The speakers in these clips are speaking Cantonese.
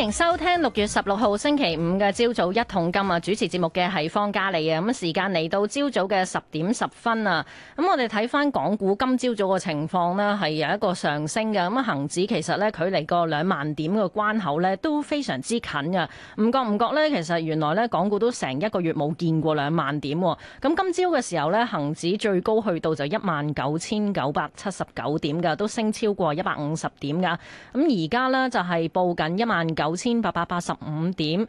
歡迎收聽六月十六號星期五嘅朝早一桶金啊！主持節目嘅係方嘉莉啊！咁時間嚟到朝早嘅十點十分啊！咁我哋睇翻港股今朝早嘅情況呢係有一個上升嘅。咁啊，恒指其實呢，距離個兩萬點嘅關口呢都非常之近嘅。唔覺唔覺呢，其實原來呢，港股都成一個月冇見過兩萬點。咁今朝嘅時候呢，恒指最高去到就一萬九千九百七十九點噶，都升超過一百五十點噶。咁而家呢，就係報緊一萬九。九千八百八十五點，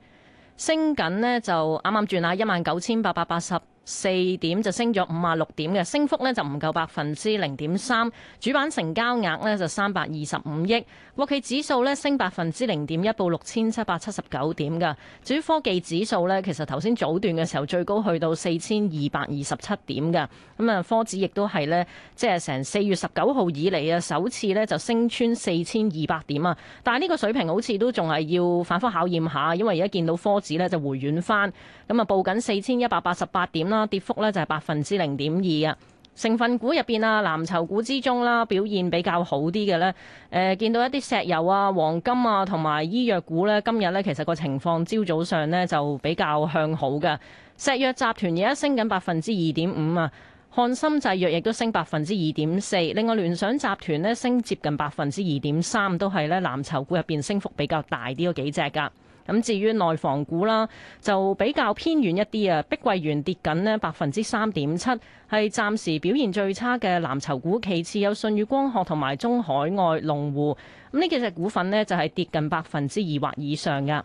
升緊呢，就啱啱轉下一萬九千八百八十四點就升咗五十六點嘅，升幅呢就唔夠百分之零點三。主板成交額呢就三百二十五億，國企指數呢升百分之零點一，報六千七百七十九點㗎。至於科技指數呢，其實頭先早段嘅時候最高去到四千二百二十七點㗎。咁啊，科指亦都係呢，即係成四月十九號以嚟啊，首次呢就升穿四千二百點啊。但係呢個水平好似都仲係要反覆考驗下，因為而家見到科指呢就回軟翻。咁啊，報緊四千一百八十八點啦，跌幅呢就係百分之零點二啊。成分股入邊啊，藍籌股之中啦，表現比較好啲嘅呢，誒、呃、見到一啲石油啊、黃金啊同埋醫藥股呢，今日呢其實個情況朝早上呢就比較向好嘅。石藥集團而家升緊百分之二點五啊，漢森製藥亦都升百分之二點四，另外聯想集團呢，升接近百分之二點三，都係呢藍籌股入邊升幅比較大啲嗰幾隻噶。咁至於內房股啦，就比較偏遠一啲啊。碧桂園跌緊呢，百分之三點七，係暫時表現最差嘅藍籌股。其次有舜宇光學同埋中海外龍湖。咁呢幾隻股份呢，就係跌近百分之二或以上嘅。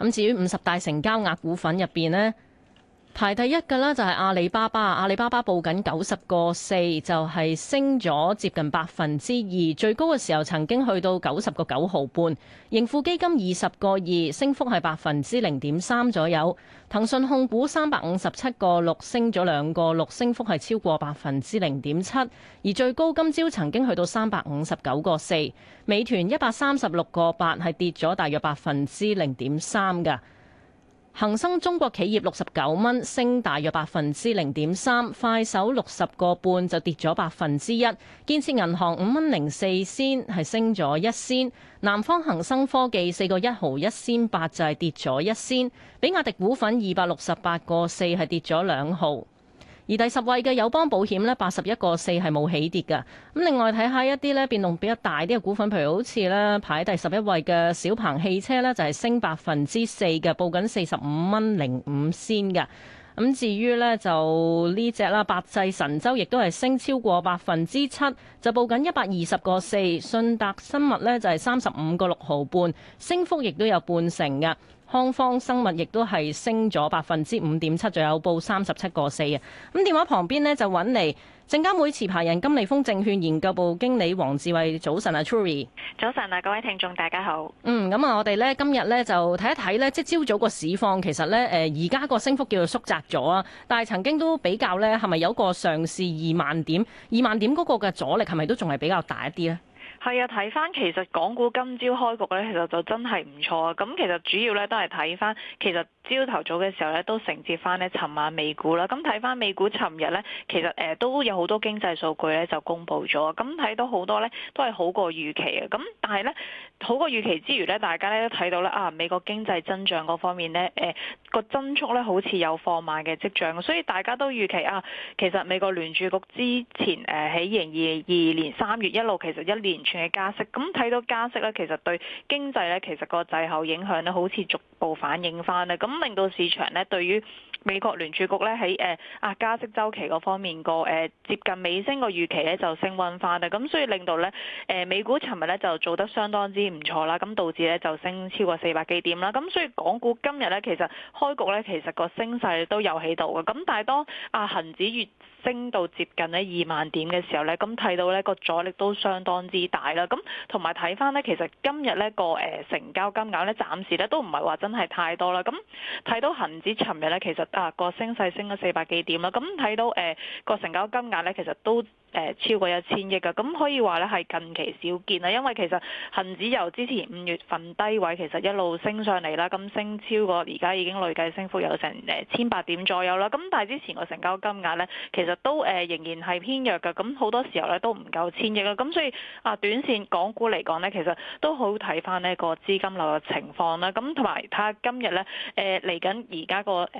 咁至於五十大成交額股份入面呢。排第一嘅啦，就係阿里巴巴，阿里巴巴報緊九十個四，就係、是、升咗接近百分之二，最高嘅時候曾經去到九十個九毫半。盈富基金二十個二，升幅係百分之零點三左右。騰訊控股三百五十七個六，升咗兩個六，升幅係超過百分之零點七，而最高今朝曾經去到三百五十九個四。美團一百三十六個八，係跌咗大約百分之零點三噶。恒生中國企業六十九蚊，升大約百分之零點三。快手六十個半，就跌咗百分之一。建設銀行五蚊零四仙，係升咗一仙。南方恒生科技四個一毫一仙八，就係跌咗一仙。比亞迪股份二百六十八個四，係跌咗兩毫。而第十位嘅友邦保險呢，八十一個四係冇起跌㗎。咁另外睇下一啲呢，變動比較大啲嘅股份，譬如好似呢，排第十一位嘅小鵬汽車呢，就係升百分之四嘅，報緊四十五蚊零五仙㗎。咁至於呢，就呢隻啦，百濟神州亦都係升超過百分之七，就報緊一百二十個四。信達生物呢，就係三十五個六毫半，升幅亦都有半成㗎。康方生物亦都係升咗百分之五點七仲有報三十七個四啊！咁電話旁邊呢，就揾嚟證監會持牌人金利豐證券研究部經理黃智慧，早晨啊 Truly 早晨啊，各位聽眾大家好。嗯，咁啊，我哋呢，今日呢，就睇一睇呢，即係朝早個市況，其實呢，誒而家個升幅叫做縮窄咗啊，但係曾經都比較呢，係咪有個上市二萬點，二萬點嗰個嘅阻力係咪都仲係比較大一啲呢？係啊，睇翻其實港股今朝開局咧，其實就真係唔錯啊！咁其實主要咧都係睇翻其實。朝頭早嘅時候咧，都承接翻呢尋晚美股啦。咁睇翻美股，尋日呢，其實誒都有好多經濟數據咧就公布咗。咁睇到好多呢，都係好過預期嘅。咁但係呢，好過預期之餘呢，大家咧都睇到咧啊，美國經濟增長嗰方面呢，誒、啊、個增速咧好似有放慢嘅跡象。所以大家都預期啊，其實美國聯儲局之前誒喺二零二二年三月一路其實一連串嘅加息。咁、嗯、睇到加息咧，其實對經濟咧其實個滯後影響咧好似逐步反映翻啦。咁咁令到市場呢，對於美國聯儲局呢喺誒啊加息周期嗰方面個誒接近尾聲個預期呢就升溫翻啦。咁所以令到呢誒美股尋日呢就做得相當之唔錯啦。咁導致呢就升超過四百幾點啦。咁所以港股今日呢其實開局呢，其實個升勢都有喺度嘅。咁但係當啊恆指越升到接近呢二萬點嘅時候呢，咁睇到呢個阻力都相當之大啦。咁同埋睇翻呢，其實今日呢個誒成交金額呢，暫時呢都唔係話真係太多啦。咁睇到恒指尋日呢，其實啊個升勢升咗四百幾點啦。咁睇到誒個、呃、成交金額呢，其實都誒超過一千億㗎，咁可以話咧係近期少見啦，因為其實恒指由之前五月份低位其實一路升上嚟啦，咁升超過而家已經累計升幅有成誒千八點左右啦。咁但係之前個成交金額咧，其實都誒仍然係偏弱嘅，咁好多時候咧都唔夠千億啦。咁所以啊，短線港股嚟講咧，其實都好睇翻呢個資金流嘅情況啦。咁同埋睇下今日咧，誒嚟緊而家個誒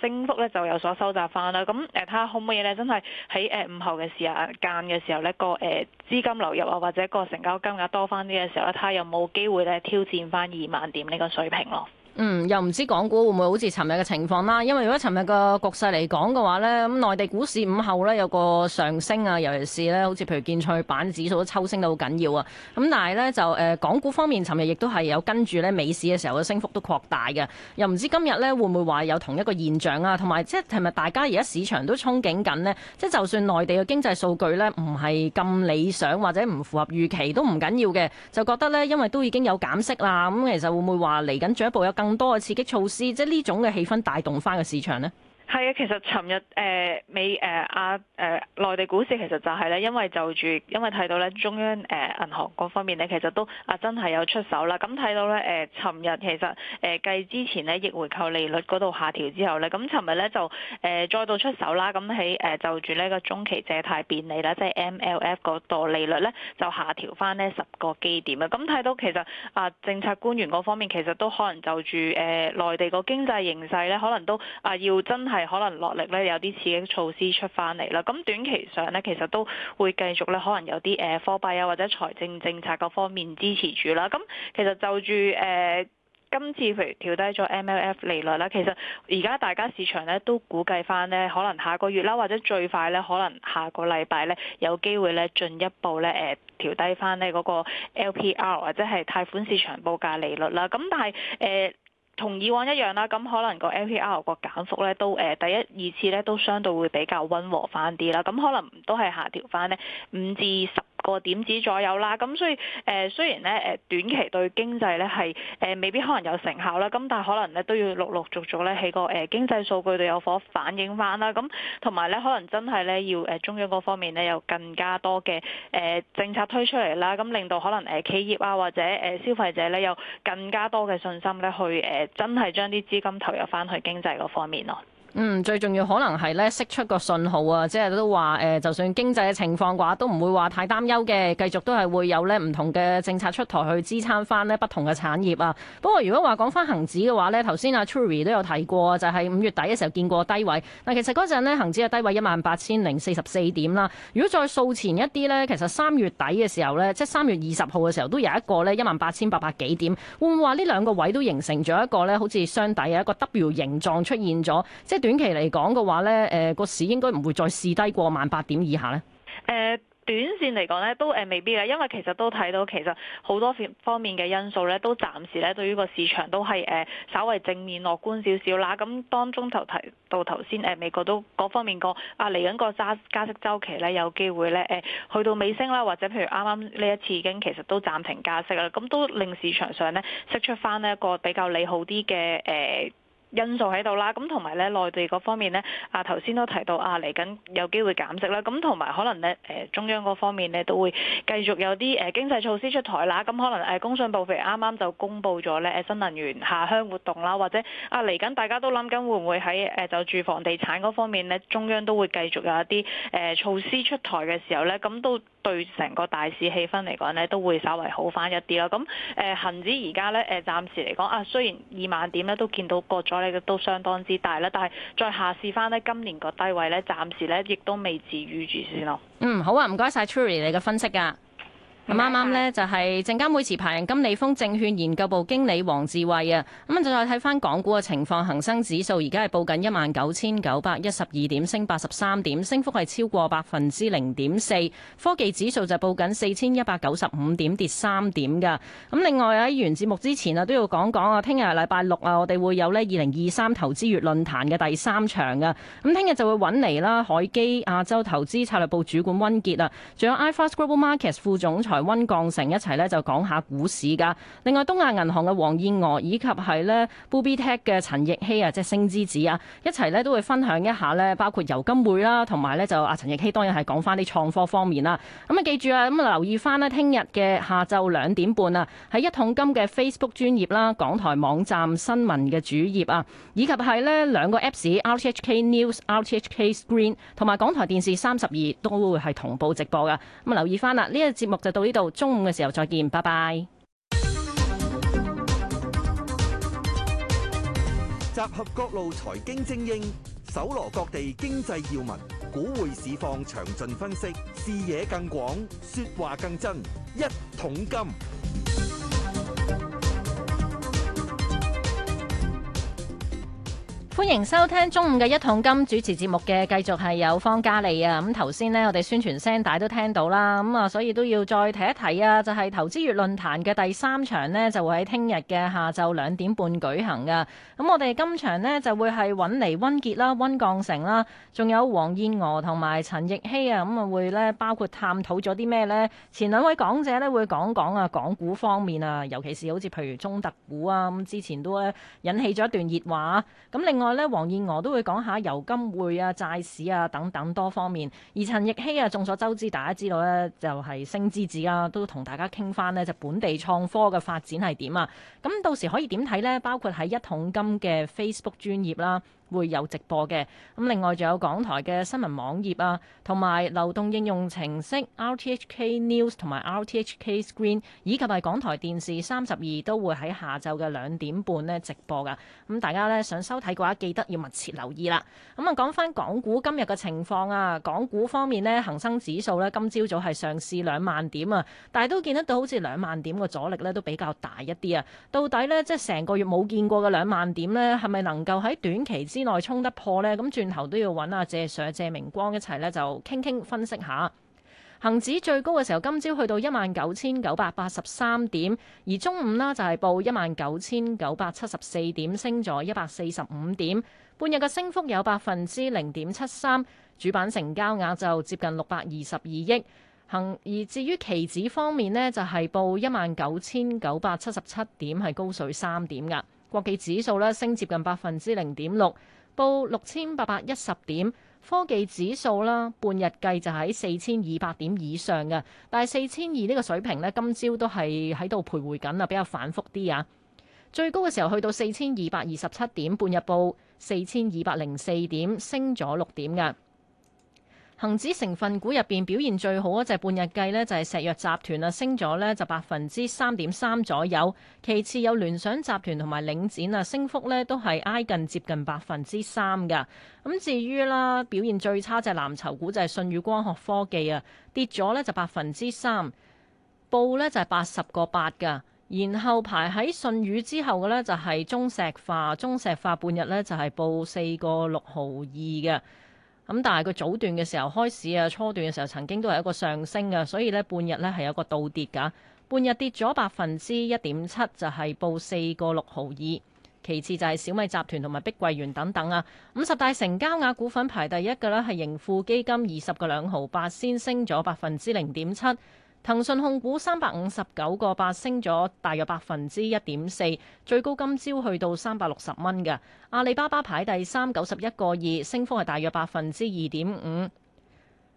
升幅咧就有所收窄翻啦。咁誒睇下可唔可以咧，真係喺誒午後嘅時候。間嘅時候咧，個誒資金流入啊，或者個成交金額多翻啲嘅時候咧，睇下有冇機會咧挑戰翻二萬點呢個水平咯？嗯，又唔知港股會唔會好似尋日嘅情況啦？因為如果尋日個局勢嚟講嘅話呢，咁內地股市午後呢有個上升啊，尤其是呢，好似譬如建材板指數都抽升得好緊要啊。咁但係呢，就誒、呃、港股方面，尋日亦都係有跟住呢美市嘅時候嘅升幅都擴大嘅。又唔知今日呢會唔會話有同一個現象啊？同埋即係尋日大家而家市場都憧憬緊呢，即係就算內地嘅經濟數據呢唔係咁理想或者唔符合預期都唔緊要嘅，就覺得呢，因為都已經有減息啦，咁其實會唔會話嚟緊進一步有更多嘅刺激措施，即係呢種嘅氣氛帶動翻個市場咧。係啊，其實尋日誒美誒亞誒內地股市其實就係咧，因為就住因為睇到咧中央誒銀行嗰方面咧，其實都啊真係有出手啦。咁睇到咧誒，尋、呃、日其實誒繼、呃、之前咧逆回購利率嗰度下調之後咧，咁尋日咧就誒、呃、再度出手啦。咁喺誒就住呢個中期借貸便利啦，即係 MLF 嗰度利率咧就下調翻呢十個基點啊。咁睇到其實啊政策官員嗰方面其實都可能就住誒、啊、內地個經濟形勢咧，可能都啊要真係。可能落力咧，有啲刺激措施出翻嚟啦。咁短期上咧，其實都會繼續咧，可能有啲誒貨幣啊或者財政政策各方面支持住啦。咁其實就住誒、呃、今次譬如調低咗 MLF 利率啦，其實而家大家市場咧都估計翻咧，可能下個月啦，或者最快咧，可能下個禮拜咧，有機會咧進一步咧誒調低翻呢嗰個 LPR 或者係貸款市場報價利率啦。咁但係誒。呃同以往一樣啦，咁可能個 LPR 個減幅咧都誒第一二次咧都相對會比較溫和翻啲啦，咁可能都係下調翻呢五至十個點子左右啦，咁所以誒雖然咧誒短期對經濟咧係誒未必可能有成效啦，咁但係可能咧都要陸陸續續咧喺個誒經濟數據度有所反映翻啦，咁同埋咧可能真係咧要誒中央嗰方面咧有更加多嘅誒政策推出嚟啦，咁令到可能誒企業啊或者誒消費者咧有更加多嘅信心咧去誒真係將啲資金投入翻去經濟嗰方面咯。嗯，最重要可能係咧釋出個信號啊，即係都話誒、呃，就算經濟嘅情況嘅話，都唔會話太擔憂嘅，繼續都係會有咧唔同嘅政策出台去支撐翻咧不同嘅產業啊。不過如果話講翻恒指嘅話呢，頭先阿 Truie 都有提過，就係、是、五月底嘅時候見過低位，但其實嗰陣咧恆指嘅低位一萬八千零四十四點啦。如果再數前一啲呢，其實三月底嘅時候呢，即係三月二十號嘅時候，都有一個呢一萬八千八百幾點。會唔會話呢兩個位都形成咗一個呢好似雙底嘅一個 W 形狀出現咗？即短期嚟講嘅話咧，誒個市應該唔會再試低過萬八點以下咧。誒，短線嚟講咧，都誒未必啦，因為其實都睇到其實好多方面嘅因素咧，都暫時咧對於個市場都係誒稍為正面樂觀少少啦。咁當中就提到頭先誒美國都各方面個啊嚟緊個加加息周期咧，有機會咧誒去到尾聲啦，或者譬如啱啱呢一次已經其實都暫停加息啦，咁都令市場上咧釋出翻咧一個比較利好啲嘅誒，因素喺度啦，咁同埋咧內地嗰方面咧，啊頭先都提到啊嚟緊有機會減息啦，咁同埋可能咧誒中央嗰方面咧都會繼續有啲誒經濟措施出台啦，咁可能誒工信部譬如啱啱就公布咗咧誒新能源下鄉活動啦，或者啊嚟緊大家都諗緊會唔會喺誒就住房地產嗰方面咧中央都會繼續有一啲誒措施出台嘅時候咧，咁都對成個大市氣氛嚟講咧都會稍為好翻一啲啦，咁誒恆指而家咧誒暫時嚟講啊雖然二萬點咧都見到過咗。都相當之大啦，但係再下試翻咧，今年個低位咧，暫時呢亦都未至於住先咯。嗯，好啊，唔該晒 Terry 你嘅分析啊。啱啱呢就係證監會持牌人金利豐證券研究部經理黃智慧啊！咁就再睇翻港股嘅情況，恒生指數而家係報緊一萬九千九百一十二點，升八十三點，升幅係超過百分之零點四。科技指數就報緊四千一百九十五點，跌三點噶。咁另外喺完節目之前啊，都要講講啊，聽日係禮拜六啊，我哋會有呢二零二三投資月論壇嘅第三場噶。咁聽日就會揾嚟啦，海基亞洲投資策略部主管温傑啊，仲有 iFAST Group Markets 副總裁。台溫鋼城一齊咧就講下股市噶，另外東亞銀行嘅黃燕娥以及係咧 Bubitech 嘅陳奕希啊，即係星之子啊，一齊咧都會分享一下咧，包括油金匯啦，同埋咧就阿陳奕希當然係講翻啲創科方面啦。咁、嗯、啊記住啊，咁、嗯、啊留意翻呢聽日嘅下晝兩點半啊，喺一桶金嘅 Facebook 專頁啦、港台網站新聞嘅主頁啊，以及係呢兩個 Apps，RTHK News、RTHK Screen 同埋港台電視三十二都會係同步直播噶。咁、嗯、啊留意翻啦，呢、這、一個節目就到，呢度中午嘅時候再見，拜拜。集合各路財經精英，搜羅各地經濟要聞，股匯市況詳盡分析，視野更廣，說話更真，一桶金。歡迎收聽中午嘅一桶金主持節目嘅，繼續係有方嘉利啊！咁頭先呢，我哋宣傳聲帶都聽到啦，咁啊，所以都要再提一提啊！就係、是、投資月論壇嘅第三場呢，就會喺聽日嘅下晝兩點半舉行噶。咁、嗯、我哋今場呢，就會係揾嚟温傑啦、溫鋼城啦，仲有黃燕娥同埋陳奕希啊，咁啊會呢包括探討咗啲咩呢？前兩位講者呢，會講講啊港股方面啊，尤其是好似譬如中特股啊，咁之前都咧引起咗一段熱話。咁另外另外咧，黃燕娥都會講下油金匯啊、債市啊，等等多方面。而陳奕希啊，眾所周知，大家知道咧就係、是、星之子啦、啊，都同大家傾翻咧就本地創科嘅發展係點啊。咁到時可以點睇咧？包括喺一桶金嘅 Facebook 專頁啦、啊。會有直播嘅，咁另外仲有港台嘅新聞網頁啊，同埋流動應用程式 RTHK News 同埋 RTHK Screen，以及係港台電視三十二都會喺下晝嘅兩點半呢直播㗎，咁大家呢，想收睇嘅話，記得要密切留意啦。咁啊，講返港股今日嘅情況啊，港股方面呢，恒生指數呢，今朝早係上，上試兩萬點啊，但係都見得到好似兩萬點嘅阻力呢都比較大一啲啊。到底呢，即係成個月冇見過嘅兩萬點呢，係咪能夠喺短期之內衝得破呢，咁轉頭都要揾阿謝 sir、謝明光一齊呢，就傾傾分析下。恒指最高嘅時候，今朝去到一萬九千九百八十三點，而中午呢，就係報一萬九千九百七十四點，升咗一百四十五點，半日嘅升幅有百分之零點七三，主板成交額就接近六百二十二億。恒而至於期指方面呢，就係報一萬九千九百七十七點，係高水三點㗎。國企指數咧升接近百分之零點六，報六千八百一十點。科技指數啦，半日計就喺四千二百點以上嘅，但係四千二呢個水平咧，今朝都係喺度徘徊緊啊，比較反覆啲啊。最高嘅時候去到四千二百二十七點，半日報四千二百零四點，升咗六點嘅。恒指成分股入邊表現最好一隻，半日計呢就係石藥集團啦，升咗呢就百分之三點三左右。其次有聯想集團同埋領展啊，升幅呢都係挨近接近百分之三嘅。咁至於啦，表現最差就係藍籌股就係舜宇光學科技啊，跌咗呢就百分之三，報呢就係八十個八嘅。然後排喺舜宇之後嘅呢就係中石化，中石化半日呢就係報四個六毫二嘅。咁但係佢早段嘅時候開始，啊，初段嘅時候曾經都係一個上升嘅，所以呢半日呢係有個倒跌㗎，半日跌咗百分之一點七，就係報四個六毫二。其次就係小米集團同埋碧桂園等等啊。五十大成交額股份排第一嘅呢，係盈富基金二十個兩毫八，先升咗百分之零點七。騰訊控股三百五十九個八升咗大約百分之一點四，最高今朝去到三百六十蚊嘅。阿里巴巴排第三，九十一個二升幅係大約百分之二點五，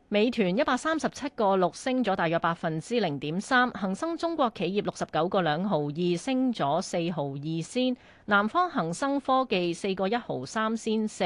美團一百三十七個六升咗大約百分之零點三，恒生中國企業六十九個兩毫二升咗四毫二先，南方恒生科技四個一毫三先四，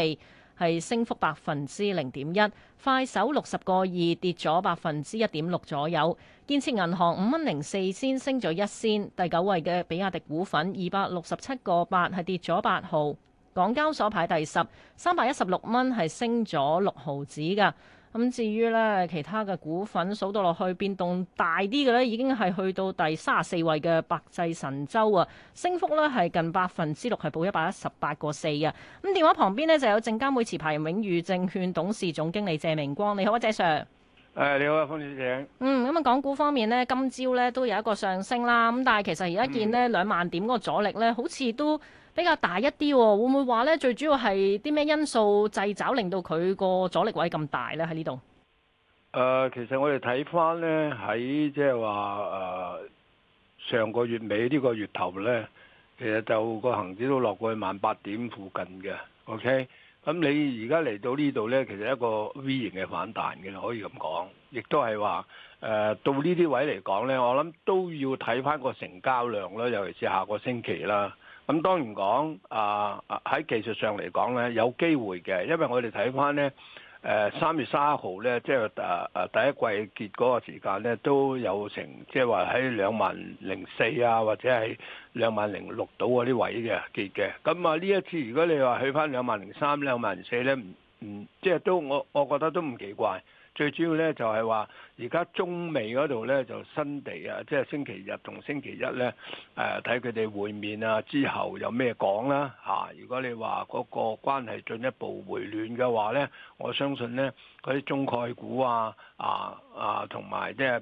係升幅百分之零點一，快手六十個二跌咗百分之一點六左右。建設銀行五蚊零四仙升咗一仙。第九位嘅比亞迪股份二百六十七個八係跌咗八毫，港交所排第十，三百一十六蚊係升咗六毫子㗎。咁至於咧，其他嘅股份數到落去變動大啲嘅咧，已經係去到第三十四位嘅百濟神州啊，升幅咧係近百分之六，係報一百一十八個四嘅。咁電話旁邊呢就有證監會持牌人永裕證券董事總經理謝明光，你好啊，謝 Sir。誒，你好啊，方小姐。嗯，咁啊，港股方面咧，今朝咧都有一個上升啦。咁但係其實而家見咧兩、嗯、萬點嗰個阻力咧，好似都比較大一啲、哦。會唔會話咧最主要係啲咩因素掣肘令到佢個阻力位咁大咧？喺呢度。誒、呃，其實我哋睇翻咧喺即係話誒上個月尾呢個月頭咧，其實就個恒指都落過去萬八點附近嘅。OK。咁你而家嚟到呢度呢，其實一個 V 型嘅反彈嘅，可以咁講，亦都係話誒到呢啲位嚟講呢，我諗都要睇翻個成交量啦，尤其是下個星期啦。咁當然講啊，喺、呃、技術上嚟講呢，有機會嘅，因為我哋睇翻呢。嗯誒三月三號呢，即係誒誒第一季結嗰個時間咧，都有成即係話喺兩萬零四啊，或者係兩萬零六到嗰啲位嘅結嘅。咁、嗯、啊，呢一次如果你話去返兩萬零三、兩萬零四呢，唔唔，即係都我我覺得都唔奇怪。最主要咧就係話，而家中美嗰度咧就新地啊，即係星期日同星期一咧，誒睇佢哋會面啊，之後有咩講啦嚇。如果你話嗰個關係進一步回暖嘅話咧，我相信咧嗰啲中概股啊、啊啊同埋即係誒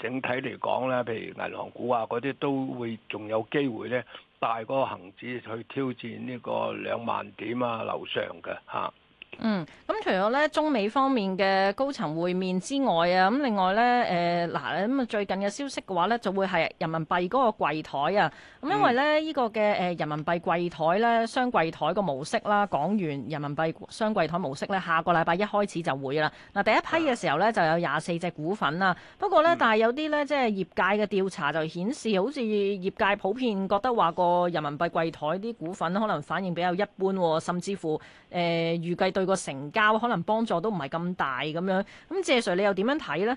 整體嚟講咧，譬如銀行股啊嗰啲都會仲有機會咧帶嗰個恆指去挑戰呢個兩萬點啊樓上嘅嚇。啊嗯，咁除咗咧中美方面嘅高層會面之外啊，咁另外咧，誒、呃、嗱，咁啊最近嘅消息嘅話咧，就會係人民幣嗰個櫃台啊，咁因為咧呢、這個嘅誒人民幣櫃台咧雙櫃台個模式啦，港元人民幣雙櫃台模式咧，下個禮拜一開始就會啦。嗱，第一批嘅時候咧就有廿四隻股份啦，不過咧但係有啲咧即係業界嘅調查就顯示，好似業界普遍覺得話個人民幣櫃台啲股份可能反應比較一般，甚至乎誒、呃、預計到。佢個成交可能幫助都唔係咁大咁樣，咁謝 Sir 你又點樣睇呢？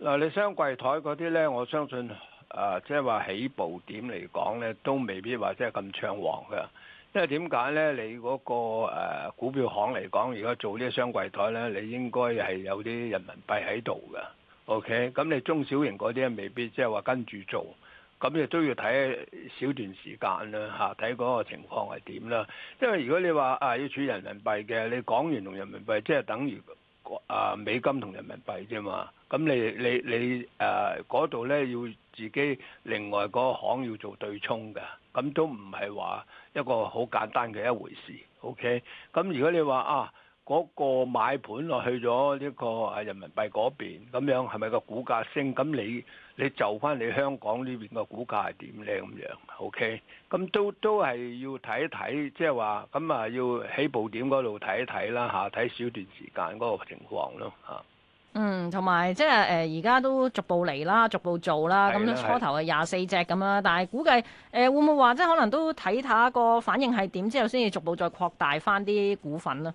嗱，你雙櫃台嗰啲呢，我相信誒、呃，即係話起步點嚟講呢，都未必話即係咁暢旺嘅。因為點解呢？你嗰、那個、呃、股票行嚟講，而家做呢啲雙櫃台呢，你應該係有啲人民幣喺度嘅。OK，咁你中小型嗰啲未必即係話跟住做。咁亦都要睇少段時間啦嚇，睇嗰個情況係點啦。因為如果你話啊要儲人民幣嘅，你港元同人民幣即係等於啊美金同人民幣啫嘛。咁你你你誒嗰度呢，要自己另外嗰行要做對沖嘅，咁都唔係話一個好簡單嘅一回事。OK。咁如果你話啊。嗰個買盤落去咗一個啊人民幣嗰邊咁樣，係咪個股價升？咁你你就翻你香港呢邊個股價係點咧？咁樣 OK，咁都都係要睇一睇，即係話咁啊，要起步點嗰度睇一睇啦嚇，睇、啊、少段時間嗰個情況咯嚇。啊、嗯，同埋即係誒，而、呃、家都逐步嚟啦，逐步做啦。咁初頭係廿四隻咁啦，但係估計誒、呃、會唔會話即係可能都睇下個反應係點之後，先至逐步再擴大翻啲股份咧？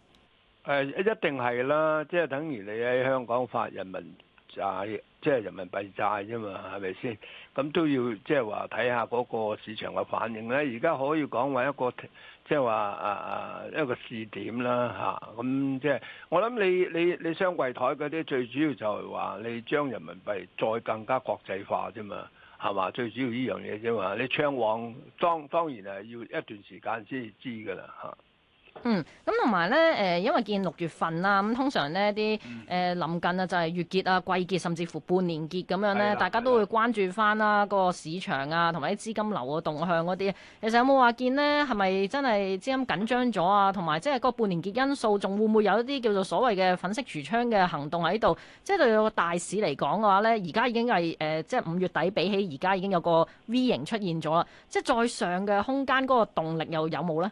誒一定係啦，即係等於你喺香港發人民債，即係人民幣債啫嘛，係咪先？咁都要即係話睇下嗰個市場嘅反應咧。而家可以講話一個即係話啊啊一個試點啦嚇。咁即係我諗你你你雙櫃台嗰啲最主要就係話你將人民幣再更加國際化啫嘛，係嘛？最主要呢樣嘢啫嘛。你唱旺當當然係要一段時間先知㗎啦嚇。嗯，咁同埋咧，誒，因為見六月份啦，咁通常呢啲誒臨近啊，就係月結啊、季結，甚至乎半年結咁樣咧，的大家都會關注翻啦，個市場啊，同埋啲資金流嘅動向嗰啲。其實有冇話見呢？係咪真係資金緊張咗啊？同埋即係個半年結因素，仲會唔會有一啲叫做所謂嘅粉飾櫥窗嘅行動喺度？即係對個大市嚟講嘅話咧，而家已經係誒，即係五月底比起而家已經有個 V 型出現咗啦。即係再上嘅空間，嗰個動力又有冇咧？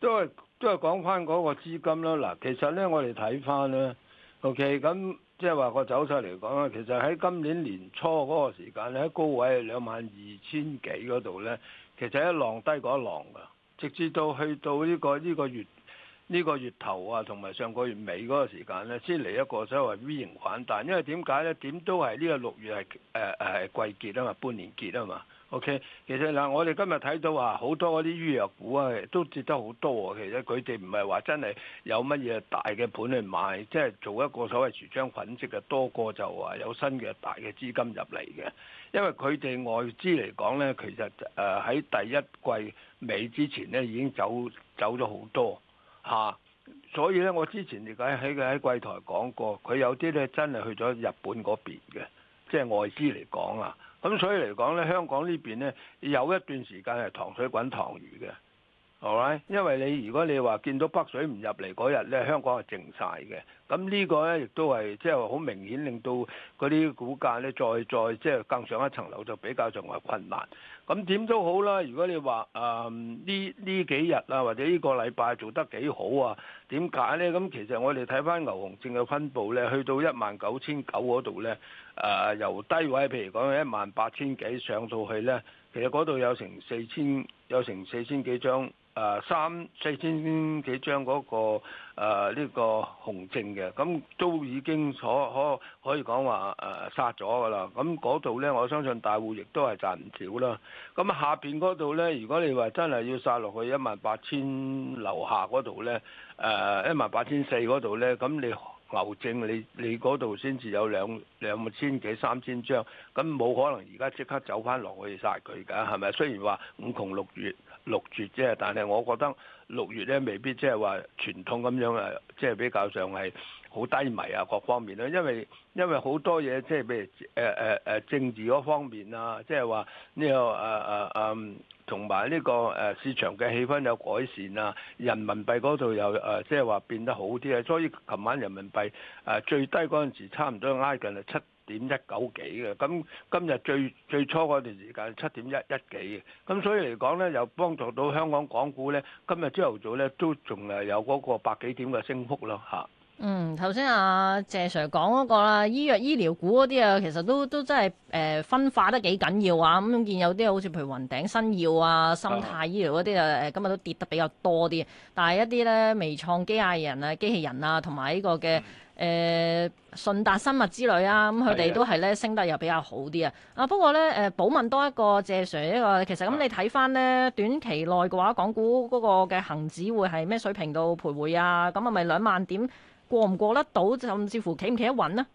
都係。都係講翻嗰個資金啦，嗱，其實呢，我哋睇翻咧，OK，咁即係話個走勢嚟講啊，其實喺今年年初嗰個時間咧，高位兩萬二千幾嗰度呢，其實一浪低過一浪噶，直至到去到呢個呢個月呢個月頭啊，同埋上個月尾嗰個時間咧，先嚟一個所謂 V 型反彈，因為點解呢？點都係呢個六月係誒誒季結啊嘛，半年結啊嘛。OK，其實嗱，我哋今日睇到啊，好多嗰啲醫藥股啊，都跌得好多。其實佢哋唔係話真係有乜嘢大嘅盤去買，即係做一個所謂櫥窗粉色嘅多過就話有新嘅大嘅資金入嚟嘅。因為佢哋外資嚟講呢，其實誒喺第一季尾之前咧已經走走咗好多嚇，所以呢，我之前亦家喺佢喺櫃台講過，佢有啲咧真係去咗日本嗰邊嘅，即係外資嚟講啊。咁所以嚟講咧，香港呢邊咧有一段時間係糖水滾糖魚嘅。因為你如果你話見到北水唔入嚟嗰日呢，香港係靜晒嘅。咁呢個呢，亦都係即係好明顯，令到嗰啲股價呢，再再即係、就是、更上一層樓就比較仲係困難。咁點都好啦。如果你話誒呢呢幾日啊，或者呢個禮拜做得幾好啊？點解呢？咁其實我哋睇返牛熊證嘅分佈呢，去到一萬九千九嗰度呢，誒、呃、由低位譬如講一萬八千幾上到去呢。其實嗰度有成四千有成四千幾張，誒、啊、三四千幾張嗰、那個呢、啊這個紅證嘅，咁都已經可可可以講話誒殺咗㗎啦。咁嗰度呢，我相信大戶亦都係賺唔少啦。咁下邊嗰度呢，如果你話真係要殺落去一萬八千樓下嗰度呢，誒、啊、一萬八千四嗰度呢，咁你。牛證你你嗰度先至有兩兩千幾三千張，咁冇可能而家即刻走翻落去殺佢㗎，係咪？雖然話五窮六月六絕啫，但係我覺得六月呢未必即係話傳統咁樣啊，即係比較上係。好低迷啊，各方面咧，因為因為好多嘢即係譬如誒誒誒政治嗰方面、即係話呢個、啊，即係話呢個誒誒誒同埋呢個誒市場嘅氣氛有改善啊，人民幣嗰度又誒即係話變得好啲啊，所以琴晚人民幣誒最低嗰陣時差唔多挨近係七點一九幾嘅，咁今日最最初嗰段時間七點一一幾嘅，咁所以嚟講咧，又幫助到香港港股咧，今日朝頭早咧都仲誒有嗰個百幾點嘅升幅咯吓。嗯，頭先阿謝 Sir 講嗰個啦，醫藥醫療股嗰啲啊，其實都都真係誒、呃、分化得幾緊要啊！咁、嗯、見有啲好似譬如雲頂、新耀啊、心泰醫療嗰啲啊，誒、呃、今日都跌得比較多啲。但係一啲咧微創機械人啊、機器人啊，同埋呢個嘅誒、呃、順達生物之類啊，咁佢哋都係咧升得又比較好啲是的 啊！啊不過咧誒，補、呃、問多一個謝 Sir 一個，其實咁你睇翻咧短期內嘅話，港股嗰個嘅恒指會係咩水平度徘徊啊？咁啊咪兩、啊啊、萬點？過唔過得到，甚至乎企唔企得穩呢？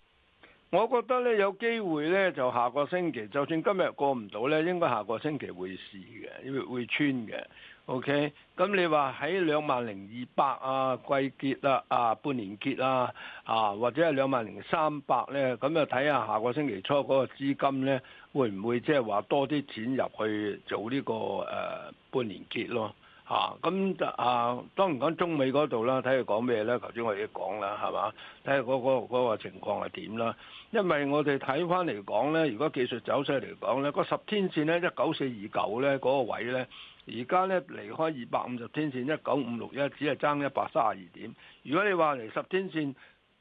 我覺得咧，有機會咧，就下個星期，就算今日過唔到咧，應該下個星期會試嘅，因為會穿嘅。OK，咁你話喺兩萬零二百啊，季結啊，啊半年結啊，啊或者係兩萬零三百咧，咁就睇下下個星期初嗰個資金咧會唔會即係話多啲錢入去做呢、呢個誒、啊、半年結咯。啊，咁啊，當然講中美嗰度啦，睇佢講咩呢？頭先我已經講啦，係嘛？睇下嗰個情況係點啦。因為我哋睇翻嚟講呢，如果技術走勢嚟講呢，個十天線呢，一九四二九呢嗰個位呢，而家呢離開二百五十天線一九五六一，只係爭一百三十二點。如果你話嚟十天線，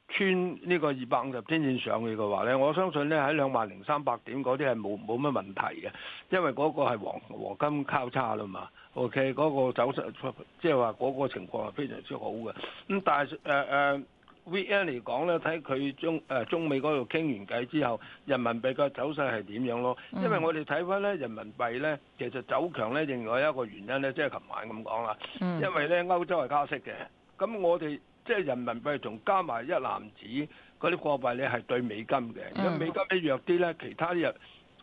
穿呢個二百五十天線上去嘅話咧，我相信咧喺兩萬零三百點嗰啲係冇冇乜問題嘅，因為嗰個係黃黃金交叉啦嘛。OK，嗰個走勢即係話嗰個情況係非常之好嘅。咁但係誒誒，VN 嚟講咧，睇佢中誒、uh，中美嗰度傾完偈之後，人民幣嘅走勢係點樣咯？Mm. 因為我哋睇返咧人民幣咧，其實走強咧，另外一個原因咧，即係琴晚咁講啦，mm. 因為咧歐洲係加息嘅，咁我哋。即係人民幣，仲加埋一籃子嗰啲貨幣咧，係兌、嗯、美金嘅。如美金咧弱啲咧，其他啲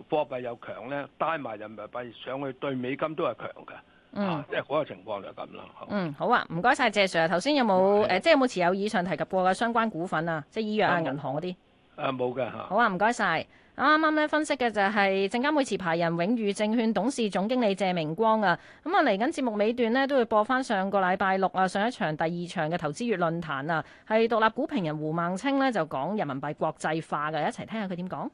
貨幣又強咧，帶埋人民幣上去兌美金都係強嘅。嗯、啊，即係嗰個情況就係咁啦。嗯，好啊，唔該晒。謝 Sir 有有。頭先是有冇誒，即係有冇持有以上提及過嘅相關股份啊？即係醫藥啊、嗯、銀行嗰啲。誒、啊，冇嘅嚇。啊好啊，唔該晒。啱啱咧分析嘅就係證監會持牌人永裕證券董事總經理謝明光啊，咁啊嚟緊節目尾段呢，都會播翻上個禮拜六啊、上一場第二場嘅投資月論壇啊，係獨立股評人胡孟青呢，就講人民幣國際化嘅，一齊聽下佢點講。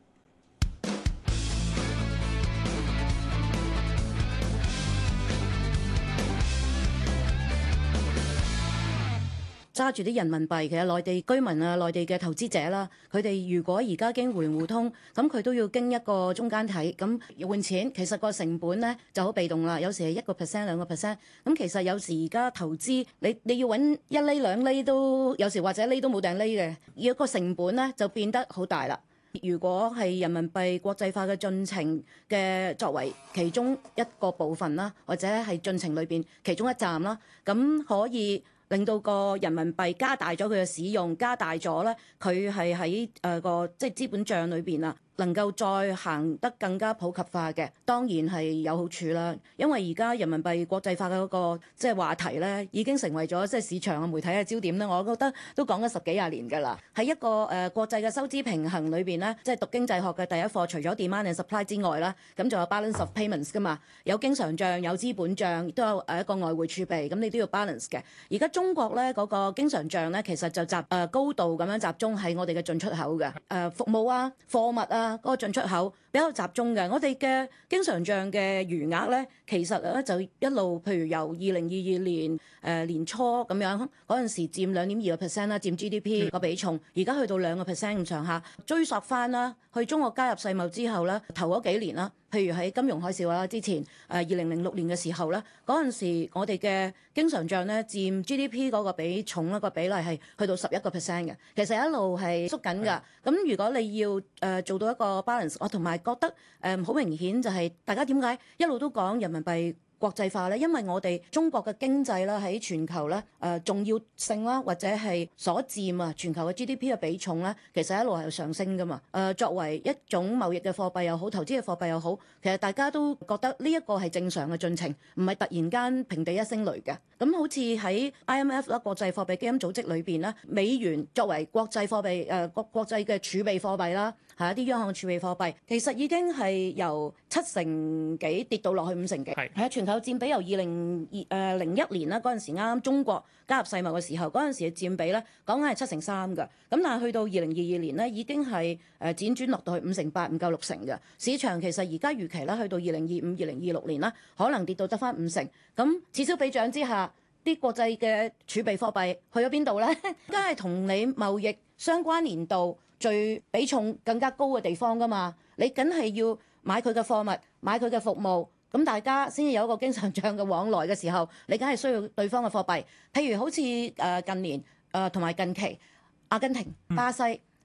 揸住啲人民幣嘅內地居民啊，內地嘅投資者啦，佢哋如果而家經互換互通，咁佢都要經一個中間體咁換錢。其實個成本咧就好被動啦，有時係一個 percent 兩個 percent。咁其實有時而家投資，你你要揾一厘、兩厘都有時或者釐都冇定呢嘅。而一個成本咧就變得好大啦。如果係人民幣國際化嘅進程嘅作為其中一個部分啦，或者係進程裏邊其中一站啦，咁可以。令到個人民幣加大咗佢嘅使用，加大咗呢，佢係喺誒個即係資本帳裏邊啦。能夠再行得更加普及化嘅，當然係有好處啦。因為而家人民幣國際化嘅嗰個即係、就是、話題咧，已經成為咗即係市場啊、媒體嘅焦點啦。我覺得都講咗十幾廿年㗎啦。喺一個誒、呃、國際嘅收支平衡裏邊咧，即係讀經濟學嘅第一課，除咗 demand and supply 之外啦，咁仲有 balance of payments 㗎嘛？有經常帳、有資本帳，亦都有誒一個外匯儲備，咁你都要 balance 嘅。而家中國咧嗰、那個經常帳咧，其實就集誒、呃、高度咁樣集中喺我哋嘅進出口嘅誒、呃、服務啊、貨物啊。嗰個進出口。比較集中嘅，我哋嘅經常帳嘅餘額咧，其實咧就一路，譬如由二零二二年誒、呃、年初咁樣嗰陣時佔2.2，佔兩點二個 percent 啦，佔 GDP 個比重，而家去到兩個 percent 咁上下。追溯翻啦，去中國加入世貿之後咧，頭嗰幾年啦，譬如喺金融海嘯啦之前，誒二零零六年嘅時候咧，嗰陣時我哋嘅經常帳咧佔 GDP 嗰個比重一個比例係去到十一個 percent 嘅，其實一路係縮緊㗎。咁的如果你要誒、呃、做到一個 balance，我同埋覺得誒，好明顯就係大家點解一路都講人民幣國際化咧？因為我哋中國嘅經濟啦，喺全球咧誒重要性啦，或者係所佔啊全球嘅 GDP 嘅比重咧，其實一路係上升噶嘛。誒，作為一種貿易嘅貨幣又好，投資嘅貨幣又好，其實大家都覺得呢一個係正常嘅進程，唔係突然間平地一聲雷嘅。咁好似喺 IMF 啦國際貨幣基金組織裏邊咧，美元作為國際貨幣誒國國際嘅儲備貨幣啦。係一啲央行儲備貨幣，其實已經係由七成幾跌到落去五成幾。係啊是，全球佔比由二零二誒零一年啦，嗰陣時啱啱中國加入世貿嘅時候，嗰陣時嘅佔比咧，講緊係七成三㗎。咁但係去到二零二二年咧，已經係誒輾轉落到去五成八，唔夠六成嘅市場。其實而家預期啦，去到二零二五、二零二六年啦，可能跌到得返五成。咁此消彼長之下，啲國際嘅儲備貨幣去咗邊度咧？梗係同你貿易相關年度。最比重更加高嘅地方㗎嘛？你梗係要買佢嘅貨物，買佢嘅服務，咁大家先至有一個經常賬嘅往來嘅時候，你梗係需要對方嘅貨幣。譬如好似誒近年誒同埋近期，阿根廷、巴西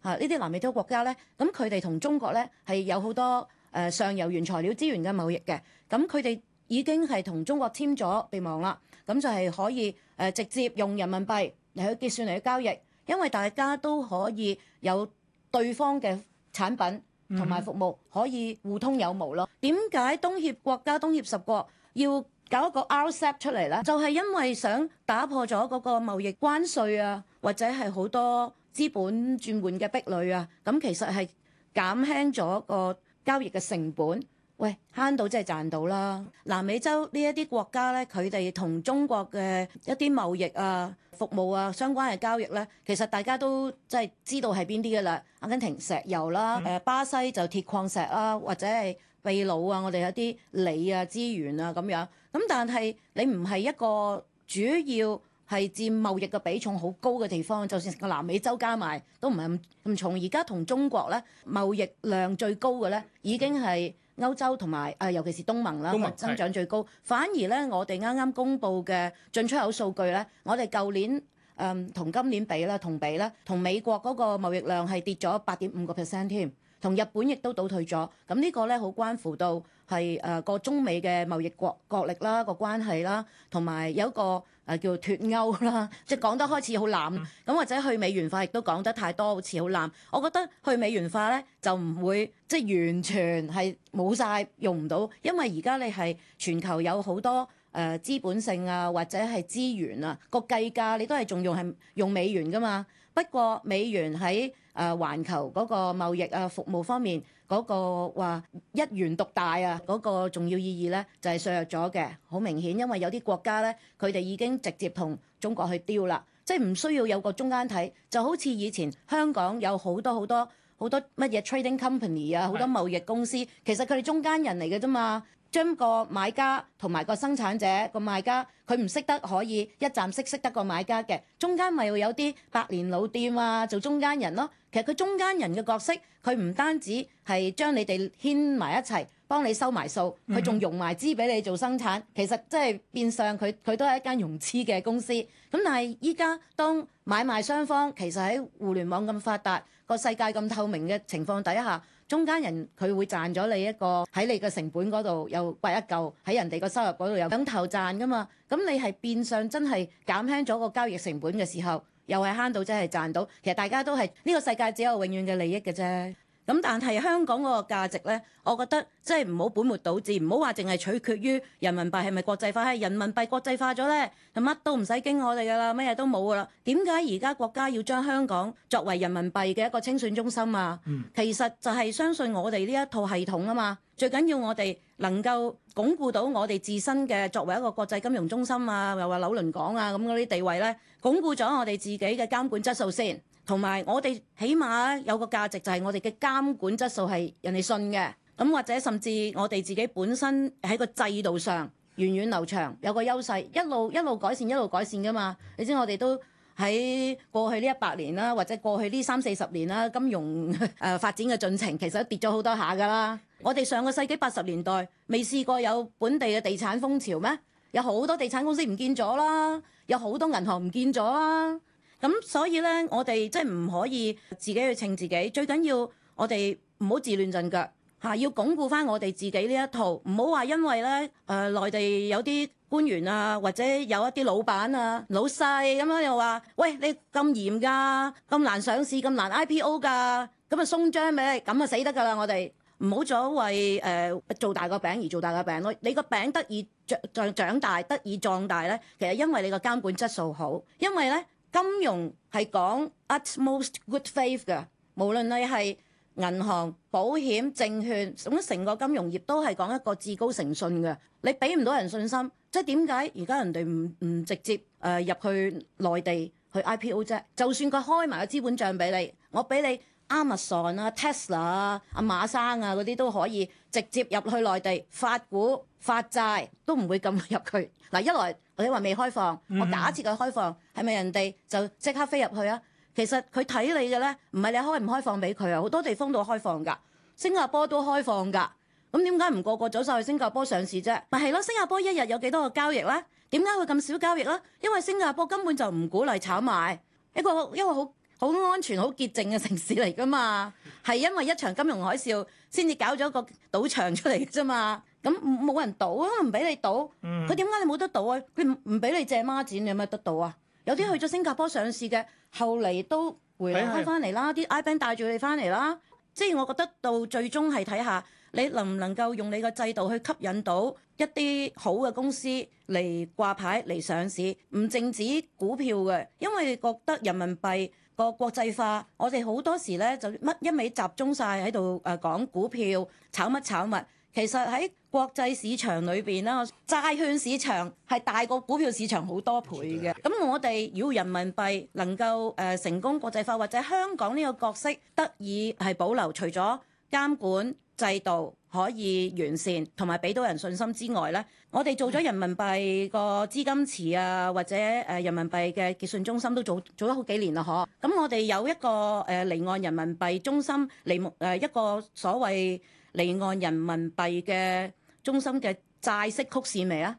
吓呢啲南美洲國家咧，咁佢哋同中國咧係有好多誒上游原材料資源嘅貿易嘅，咁佢哋已經係同中國簽咗備忘啦，咁就係可以誒直接用人民幣嚟去結算嚟去交易，因為大家都可以有。對方嘅產品同埋服務可以互通有無咯。點解東協國家、東協十國要搞一個 RCEP 出嚟呢？就係、是、因為想打破咗嗰個貿易關稅啊，或者係好多資本轉換嘅壁壘啊。咁、嗯、其實係減輕咗個交易嘅成本。喂，慳到真係賺到啦！南美洲呢一啲國家咧，佢哋同中國嘅一啲貿易啊、服務啊相關嘅交易咧，其實大家都即係知道係邊啲㗎喇。阿根廷石油啦，誒巴西就鐵礦石啦，或者係秘魯啊，我哋有啲鋰啊資源啊咁樣。咁但係你唔係一個主要係佔貿易嘅比重好高嘅地方，就算成個南美洲加埋都唔係咁重，從而家同中國咧貿易量最高嘅咧，已經係，歐洲同埋誒，尤其是東盟啦，盟啊、增長最高。是反而咧，我哋啱啱公布嘅進出口數據咧，我哋舊年誒、嗯、同今年比啦，同比咧，同美國嗰個貿易量係跌咗八點五個 percent 添，同日本亦都倒退咗。咁呢個咧，好關乎到。係誒、啊、個中美嘅貿易國國力啦，個關係啦，同埋有一個誒、啊、叫脫歐啦，即係講得開始好濫咁，或者去美元化亦都講得太多，好似好濫。我覺得去美元化咧就唔會即係完全係冇晒，用唔到，因為而家你係全球有好多。誒、呃、資本性啊，或者係資源啊，個計價你都係仲用係用美元噶嘛？不過美元喺誒環球嗰個貿易啊服務方面嗰、那個話一元獨大啊嗰、那個重要意義咧就係、是、削弱咗嘅，好明顯。因為有啲國家咧，佢哋已經直接同中國去丟啦，即係唔需要有個中間體，就好似以前香港有好多好多好多乜嘢 trading company 啊，好多貿易公司，是其實佢哋中間人嚟嘅啫嘛。將個買家同埋個生產者個賣家，佢唔識得可以一站式識得個買家嘅，中間咪會有啲百年老店啊，做中間人咯。其實佢中間人嘅角色，佢唔單止係將你哋牽埋一齊，幫你收埋數，佢仲融埋資俾你做生產。其實即係變相佢佢都係一間融資嘅公司。咁但係依家當買賣雙方其實喺互聯網咁發達，個世界咁透明嘅情況底下。中間人佢會賺咗你一個，喺你嘅成本嗰度又刮一嚿，喺人哋個收入嗰度又等頭賺噶嘛，咁你係變相真係減輕咗個交易成本嘅時候，又係慳到即係賺到，其實大家都係呢、呢個世界只有永遠嘅利益嘅啫。咁但係香港嗰個價值咧，我覺得即係唔好本末倒置，唔好話淨係取決於人民幣係咪國際化，係人民幣國際化咗咧，係乜都唔使經我哋噶啦，乜嘢都冇噶啦。點解而家國家要將香港作為人民幣嘅一個清算中心啊？其實就係相信我哋呢一套系統啊嘛。最緊要我哋能夠鞏固到我哋自身嘅作為一個國際金融中心啊，又話紐倫港啊咁嗰啲地位咧，鞏固咗我哋自己嘅監管質素先。同埋，我哋起碼有個價值，就係我哋嘅監管質素係人哋信嘅。咁或者甚至我哋自己本身喺個制度上源遠流長，有個優勢，一路一路改善，一路改善㗎嘛。你知我哋都喺過去呢一百年啦，或者過去呢三四十年啦，金融誒發展嘅進程其實都跌咗好多下㗎啦。我哋上個世紀八十年代未試過有本地嘅地產風潮咩？有好多地產公司唔見咗啦，有好多銀行唔見咗啦。咁所以咧，我哋即係唔可以自己去稱自己，最緊要我哋唔好自亂陣腳吓、啊，要鞏固返我哋自己呢一套，唔好話因為咧誒、呃、內地有啲官員啊，或者有一啲老闆啊、老細咁、啊、樣又話，喂，你咁嚴㗎，咁難上市、咁難 IPO 㗎，咁啊鬆章咩？你，咁啊死得㗎啦！我哋唔好早為誒、呃、做大個餅而做大個餅咯。你個餅得以長長長大，得以壯大咧，其實因為你個監管質素好，因為咧。金融係講 utmost good faith 嘅，無論你係銀行、保險、證券，總成個金融業都係講一個至高誠信嘅。你俾唔到人信心，即係點解而家人哋唔唔直接誒入、呃、去內地去 IPO 啫？就算佢開埋個資本帳俾你，我俾你 Amazon 啊、Tesla 啊、阿馬生啊嗰啲都可以直接入去內地發股發債，都唔會咁入去嗱、啊、一來。你話未開放，我假設佢開放，係咪人哋就即刻飛入去啊？其實佢睇你嘅咧，唔係你開唔開放俾佢啊。好多地方都開放㗎，新加坡都開放㗎。咁點解唔個個早上去新加坡上市啫？咪係咯，新加坡一日有幾多個交易咧？點解會咁少交易咧？因為新加坡根本就唔鼓勵炒賣，一個一個好好安全、好潔淨嘅城市嚟㗎嘛。係因為一場金融海嘯先至搞咗個賭場出嚟啫嘛。咁冇人賭啊！唔俾你賭，佢點解你冇得賭啊？佢唔唔俾你借孖展，你有咩得賭啊？有啲去咗新加坡上市嘅，後嚟都回流翻嚟啦，啲的 I bank 帶住你翻嚟啦。的即係我覺得到最終係睇下，你能唔能夠用你個制度去吸引到一啲好嘅公司嚟掛牌嚟上市，唔淨止股票嘅，因為覺得人民幣個國際化，我哋好多時咧就乜一味集中晒喺度誒講股票，炒乜炒物，其實喺，國際市場裏邊啦，債券市場係大過股票市場好多倍嘅。咁 我哋如果人民幣能夠誒、呃、成功國際化，或者香港呢個角色得以係保留，除咗監管制度可以完善，同埋俾到人信心之外呢 我哋做咗人民幣個資金池啊，或者誒人民幣嘅結算中心都做做咗好幾年啦。嗬，咁我哋有一個誒離岸人民幣中心，離誒、呃、一個所謂離岸人民幣嘅中心嘅債息曲線未啊？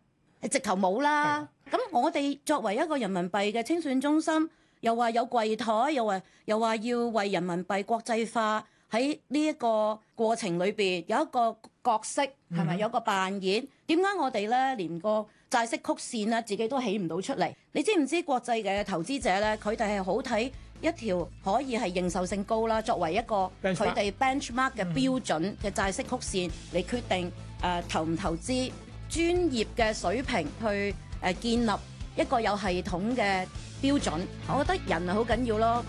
直頭冇啦。咁的我哋作為一個人民幣嘅清算中心，又話有櫃檯，又話又話要為人民幣國際化喺呢一個過程裏邊有一個角色係咪有個扮演？點解、嗯、我哋咧連個債息曲線咧自己都起唔到出嚟？你知唔知國際嘅投資者咧，佢哋係好睇一條可以係認受性高啦，作為一個佢哋 benchmark 嘅標準嘅債息曲線，嚟決定。誒投唔投資，專業嘅水平去誒建立一個有系統嘅標準，我覺得人係好緊要咯。